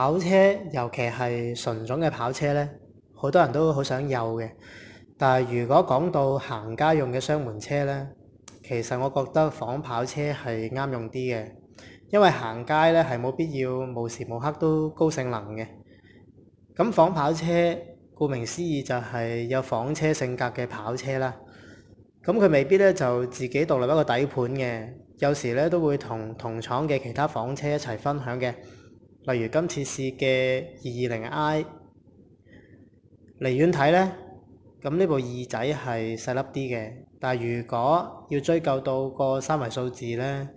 跑車尤其係純種嘅跑車咧，好多人都好想有嘅。但係如果講到行家用嘅雙門車咧，其實我覺得仿跑車係啱用啲嘅，因為行街咧係冇必要無時無刻都高性能嘅。咁仿跑車，顧名思義就係有房車性格嘅跑車啦。咁佢未必咧就自己獨立一個底盤嘅，有時咧都會同同廠嘅其他房車一齊分享嘅。例如今次試嘅二二零 I，離遠睇呢，咁呢部二仔係細粒啲嘅。但如果要追究到個三圍數字呢，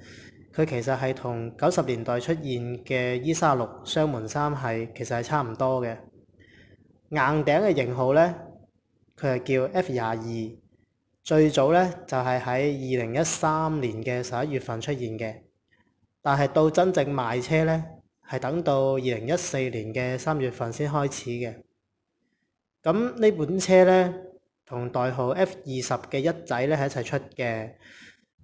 佢其實係同九十年代出現嘅 E36 雙門三係，其實係差唔多嘅。硬頂嘅型號呢，佢係叫 F 廿二，最早呢，就係喺二零一三年嘅十一月份出現嘅，但係到真正賣車呢，係等到二零一四年嘅三月份先開始嘅。咁呢本車呢，同代號 F 二十嘅一仔呢，係一齊出嘅。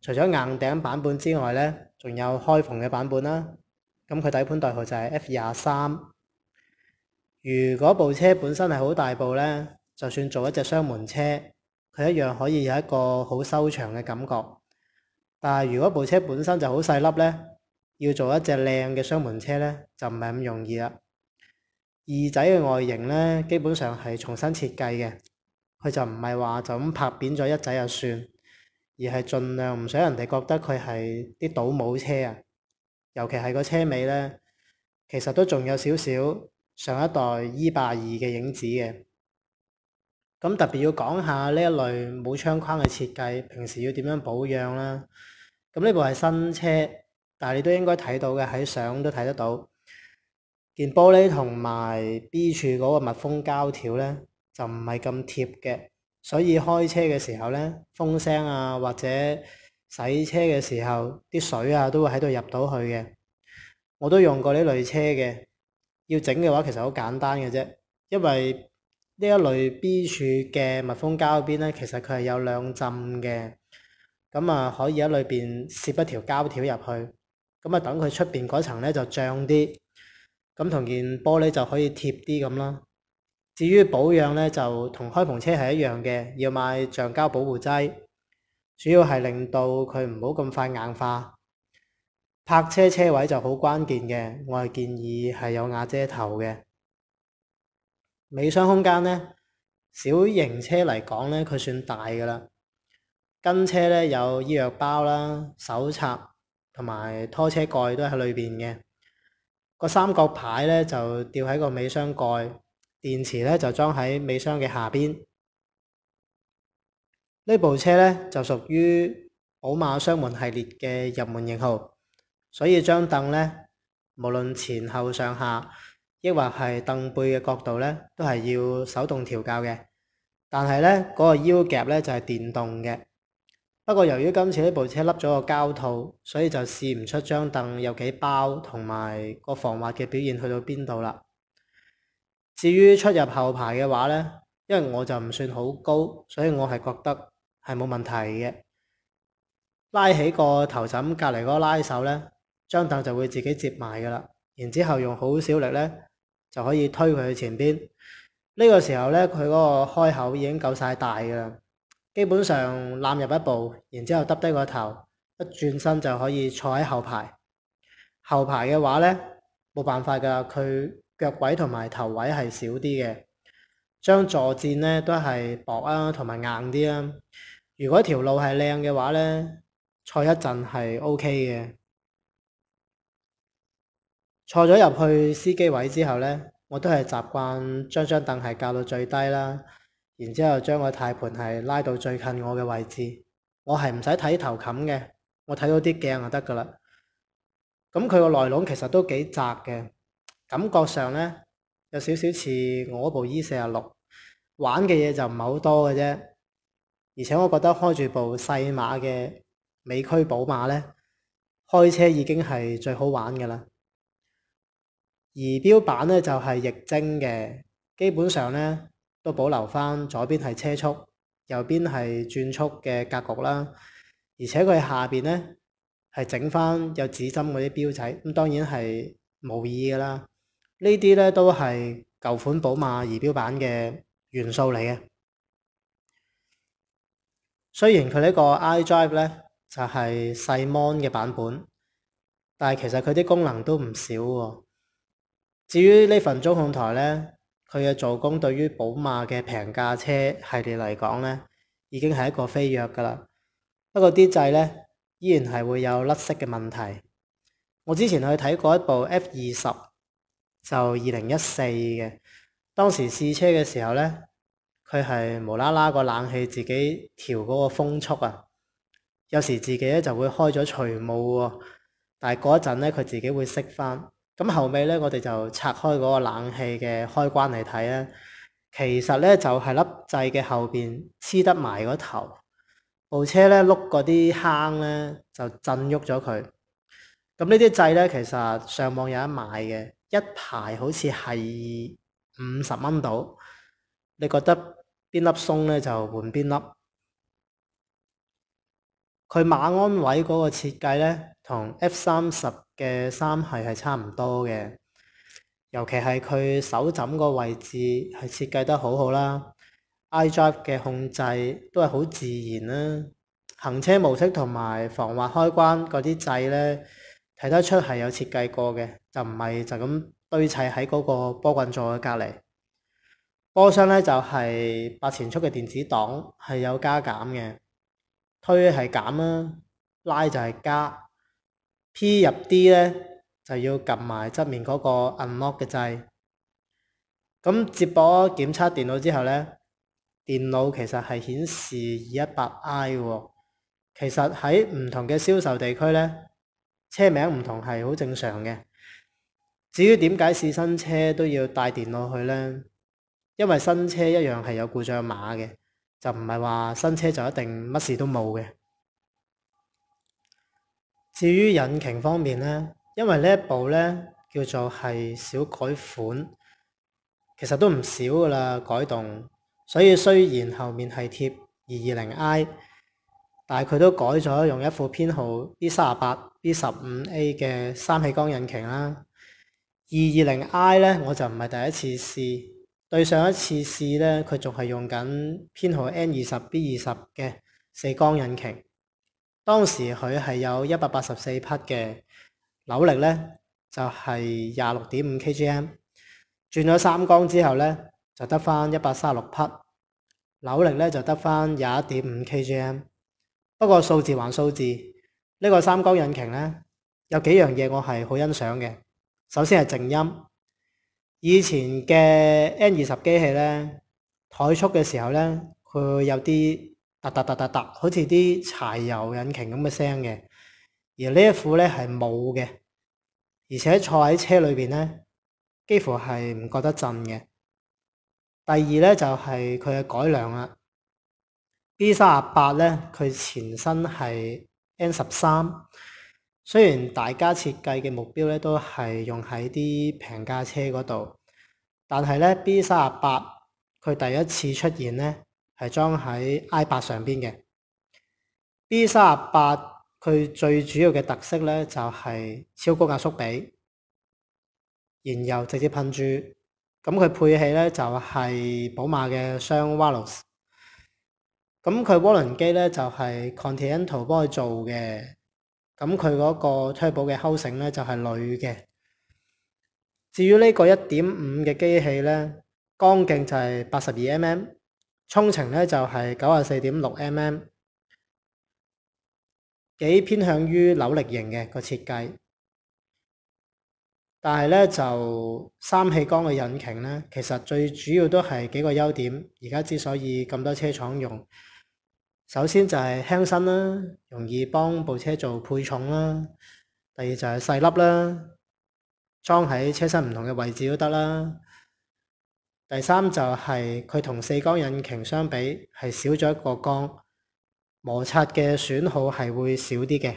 除咗硬頂版本之外呢，仲有開篷嘅版本啦、啊。咁佢底盤代號就係 F 廿三。如果部車本身係好大部呢，就算做一隻雙門車，佢一樣可以有一個好修長嘅感覺。但係如果部車本身就好細粒呢。要做一隻靚嘅雙門車呢，就唔係咁容易啦。二仔嘅外形呢，基本上係重新設計嘅，佢就唔係話就咁拍扁咗一仔就算，而係盡量唔想人哋覺得佢係啲倒模車啊。尤其係個車尾呢，其實都仲有少少上一代 E82 嘅影子嘅。咁特別要講下呢一類冇窗框嘅設計，平時要點樣保養啦？咁呢部係新車。但係你都應該睇到嘅，喺相都睇得到，件玻璃同埋 B 處嗰個密封膠條呢，就唔係咁貼嘅，所以開車嘅時候呢，風聲啊，或者洗車嘅時候，啲水啊都會喺度入到去嘅。我都用過呢類車嘅，要整嘅話其實好簡單嘅啫，因為呢一類 B 處嘅密封膠邊呢，其實佢係有兩浸嘅，咁啊可以喺裏邊攝一條膠條入去。咁啊，等佢出邊嗰層呢就漲啲，咁同件玻璃就可以貼啲咁啦。至於保養呢，就同開篷車係一樣嘅，要買橡膠保護劑，主要係令到佢唔好咁快硬化。泊車車位就好關鍵嘅，我係建議係有瓦遮頭嘅。尾箱空間呢，小型車嚟講呢，佢算大㗎啦。跟車呢，有醫藥包啦、手冊。同埋拖車蓋都喺裏邊嘅，個三角牌呢，就吊喺個尾箱蓋，電池呢就裝喺尾箱嘅下邊。呢部車呢，就屬於寶馬雙門系列嘅入門型號，所以張凳呢，無論前後上下，抑或係凳背嘅角度呢，都係要手動調教嘅。但係呢嗰個腰夾呢，就係電動嘅。不過，由於今次呢部車笠咗個膠套，所以就試唔出張凳有幾包同埋個防滑嘅表現去到邊度啦。至於出入後排嘅話呢，因為我就唔算好高，所以我係覺得係冇問題嘅。拉起個頭枕隔離嗰個拉手呢，張凳就會自己折埋㗎啦。然之後用好少力呢，就可以推佢去前邊。呢個時候呢，佢嗰個開口已經夠晒大㗎啦。基本上攬入一步，然之後揼低個頭，一轉身就可以坐喺後排。後排嘅話呢，冇辦法㗎，佢腳位同埋頭位係少啲嘅。將坐墊呢都係薄啊，同埋硬啲啊。如果條路係靚嘅話呢，坐一陣係 OK 嘅。坐咗入去司機位之後呢，我都係習慣將張凳係較到最低啦。然之後將個軚盤係拉到最近我嘅位置，我係唔使睇頭冚嘅，我睇到啲鏡就得㗎啦。咁佢個內籠其實都幾窄嘅，感覺上呢，有少少似我部 E46，玩嘅嘢就唔係好多嘅啫。而且我覺得開住部細碼嘅尾驅寶馬呢，開車已經係最好玩㗎啦。儀表板呢，就係液晶嘅，基本上呢。都保留翻左邊係車速，右邊係轉速嘅格局啦。而且佢下邊呢，係整翻有指針嗰啲標仔，咁當然係無意噶啦。呢啲呢都係舊款寶馬儀表板嘅元素嚟嘅。雖然佢呢個 iDrive 呢就係細 mon 嘅版本，但係其實佢啲功能都唔少喎啊。至於呢份中控台呢。佢嘅做工對於寶馬嘅平價車系列嚟講呢，已經係一個飛躍㗎啦。不過啲掣呢，依然係會有甩色嘅問題。我之前去睇過一部 F 二十，就二零一四嘅，當時試車嘅時候呢，佢係無啦啦個冷氣自己調嗰個風速啊，有時自己咧就會開咗除霧喎，但係過一陣呢，佢自己會熄翻。咁後尾呢，我哋就拆開嗰個冷氣嘅開關嚟睇咧，其實呢，就係粒掣嘅後邊黐得埋嗰頭，部車呢碌嗰啲坑呢，就震喐咗佢。咁呢啲掣呢，其實上網有得買嘅，一排好似係五十蚊到。你覺得邊粒鬆呢？就換邊粒？佢馬鞍位嗰個設計呢，同 F 三十嘅三系係差唔多嘅，尤其係佢手枕個位置係設計得好好啦。iDrive 嘅控制都係好自然啦，行車模式同埋防滑開關嗰啲掣呢，睇得出係有設計過嘅，就唔係就咁堆砌喺嗰個波棍座嘅隔離。波箱呢就係八前速嘅電子擋，係有加減嘅，推係減啦，拉就係加。P 入 D 呢，就要撳埋側面嗰個 unlock 嘅掣。咁接駁檢測電腦之後呢，電腦其實係顯示 218i 喎。其實喺唔同嘅銷售地區呢，車名唔同係好正常嘅。至於點解試新車都要帶電腦去呢？因為新車一樣係有故障碼嘅，就唔係話新車就一定乜事都冇嘅。至於引擎方面呢，因為呢一部呢，叫做係小改款，其實都唔少㗎喇改動。所以雖然後面係貼 220i，但係佢都改咗用一副編號 B38、B15A 嘅三氣缸引擎啦。220i 呢，我就唔係第一次試，對上一次試呢，佢仲係用緊編號 N20、B20 嘅四缸引擎。當時佢係有一百八十四匹嘅扭力呢就係廿六點五 k g m，轉咗三缸之後呢，就得返一百三十六匹扭力呢就得返廿一點五 k g m。不過數字還數字，呢、呢個三缸引擎呢，有幾樣嘢我係好欣賞嘅。首先係靜音，以前嘅 N 二十機器呢，怠速嘅時候呢，佢會,會有啲。嗒嗒嗒嗒嗒，好似啲柴油引擎咁嘅聲嘅。而呢一副呢係冇嘅，而且坐喺車裏邊呢幾乎係唔覺得震嘅。第二呢就係佢嘅改良啦。B 三八呢，佢前身係 N 十三，雖然大家設計嘅目標呢都係用喺啲平價車嗰度，但係呢 B 三八佢第一次出現呢。係裝喺 I 八上邊嘅 B 三廿八，佢最主要嘅特色呢就係超高壓縮比，燃油直接噴注。咁佢配器呢就係寶馬嘅雙 w a l v s 咁佢渦輪機呢就係 Continental 幫佢做嘅。咁佢嗰個推普嘅 h 成呢就係鋁嘅。至於呢個一點五嘅機器呢，缸徑就係八十二 mm。衝程呢就係九十四點六 mm，幾偏向於扭力型嘅個設計。但係呢，就三氣缸嘅引擎呢，其實最主要都係幾個優點。而家之所以咁多車廠用，首先就係輕身啦，容易幫部車做配重啦。第二就係細粒啦，裝喺車身唔同嘅位置都得啦。第三就係佢同四缸引擎相比，係少咗一個缸，摩擦嘅損耗係會少啲嘅。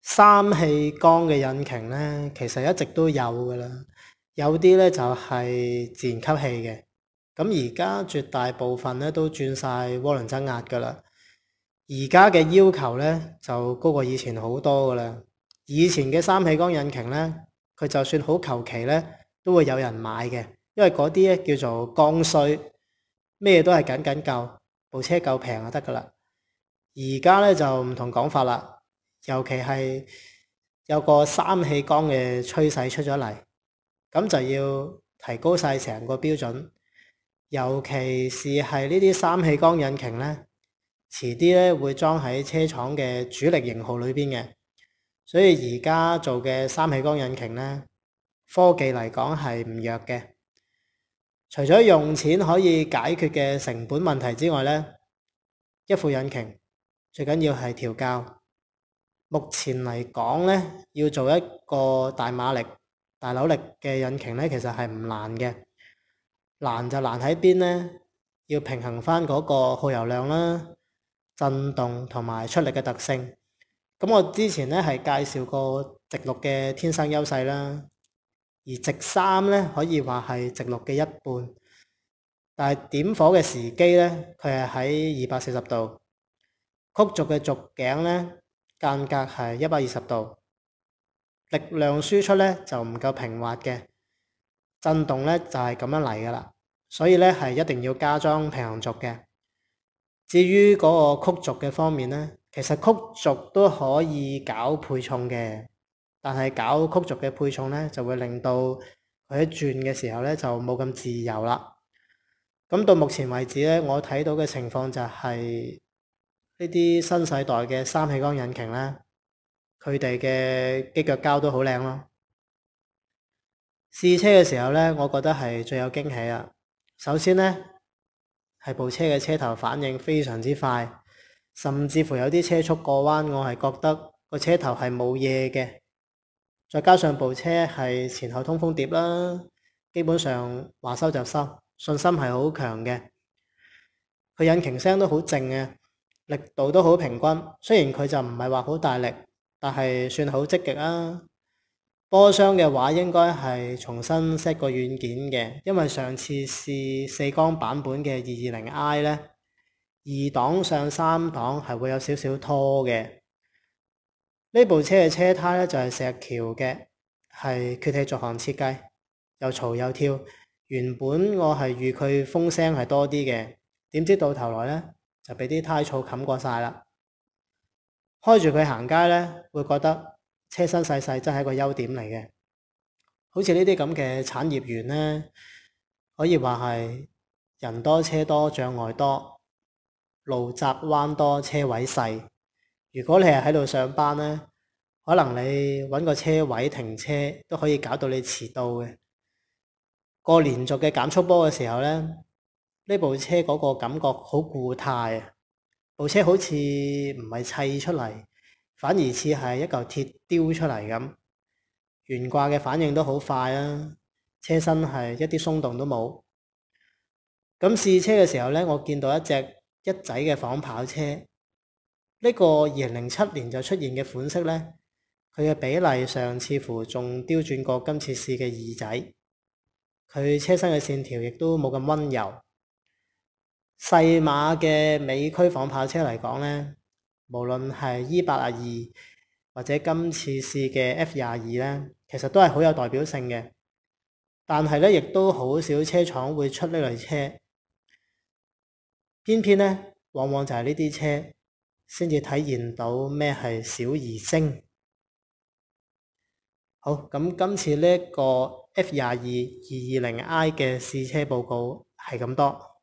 三氣缸嘅引擎呢，其實一直都有㗎喇，有啲呢就係自然吸氣嘅，咁而家絕大部分呢都轉晒渦輪增壓㗎喇。而家嘅要求呢，就高過以前好多㗎喇。以前嘅三氣缸引擎呢，佢就算好求其呢。都會有人買嘅，因為嗰啲咧叫做剛需，咩都係僅僅夠，部車夠平就得噶啦。而家呢就唔同講法啦，尤其係有個三氣缸嘅趨勢出咗嚟，咁就要提高晒成個標準，尤其是係呢啲三氣缸引擎呢，遲啲咧會裝喺車廠嘅主力型號裏邊嘅，所以而家做嘅三氣缸引擎呢。科技嚟講係唔弱嘅，除咗用錢可以解決嘅成本問題之外呢，一副引擎最緊要係調校。目前嚟講呢，要做一個大馬力、大扭力嘅引擎呢，其實係唔難嘅。難就難喺邊呢？要平衡翻嗰個耗油量啦、震動同埋出力嘅特性。咁我之前呢係介紹過直六嘅天生優勢啦。而直三呢，可以話係直六嘅一半，但係點火嘅時機呢，佢係喺二百四十度，曲軸嘅軸頸呢，間隔係一百二十度，力量輸出呢，就唔夠平滑嘅，震動呢，就係咁樣嚟㗎啦，所以呢，係一定要加裝平衡軸嘅。至於嗰個曲軸嘅方面呢，其實曲軸都可以搞配重嘅。但係搞曲軸嘅配重呢，就會令到佢一轉嘅時候呢，就冇咁自由啦。咁到目前為止呢，我睇到嘅情況就係呢啲新世代嘅三氣缸引擎呢，佢哋嘅機腳膠都好靚咯。試車嘅時候呢，我覺得係最有驚喜啊！首先呢，係部車嘅車頭反應非常之快，甚至乎有啲車速過彎，我係覺得個車頭係冇嘢嘅。再加上部車係前後通風碟啦，基本上話收就收，信心係好強嘅。佢引擎聲都好靜嘅、啊，力度都好平均。雖然佢就唔係話好大力，但係算好積極啦、啊。波箱嘅話應該係重新 set 個軟件嘅，因為上次試四缸版本嘅 220i 呢，二檔上三檔係會有少少拖嘅。呢部車嘅車胎呢，就係石橋嘅，係缺氣續行設計，又嘈又跳。原本我係預佢風聲係多啲嘅，點知到頭來呢，就俾啲胎噪冚過晒啦。開住佢行街呢，會覺得車身細細真係一個優點嚟嘅。好似呢啲咁嘅產業園呢，可以話係人多車多障礙多，路窄彎多車位細。如果你係喺度上班呢，可能你搵個車位停車都可以搞到你遲到嘅。過連續嘅減速波嘅時候呢，呢部車嗰個感覺好固態啊！部車好似唔係砌出嚟，反而似係一嚿鐵雕出嚟咁。懸掛嘅反應都好快啊！車身係一啲鬆動都冇。咁試車嘅時候呢，我見到一隻一仔嘅仿跑車。呢個二零零七年就出現嘅款式呢，佢嘅比例上似乎仲刁鑽過今次試嘅二仔，佢車身嘅線條亦都冇咁溫柔。細碼嘅尾驅仿跑車嚟講呢，無論係 E 八啊二或者今次試嘅 F 廿二呢，其實都係好有代表性嘅，但係呢，亦都好少車廠會出呢類車，偏偏呢，往往就係呢啲車。先至體現到咩係小而精。好，咁今次呢個 F 二二二二零 I 嘅試車報告係咁多。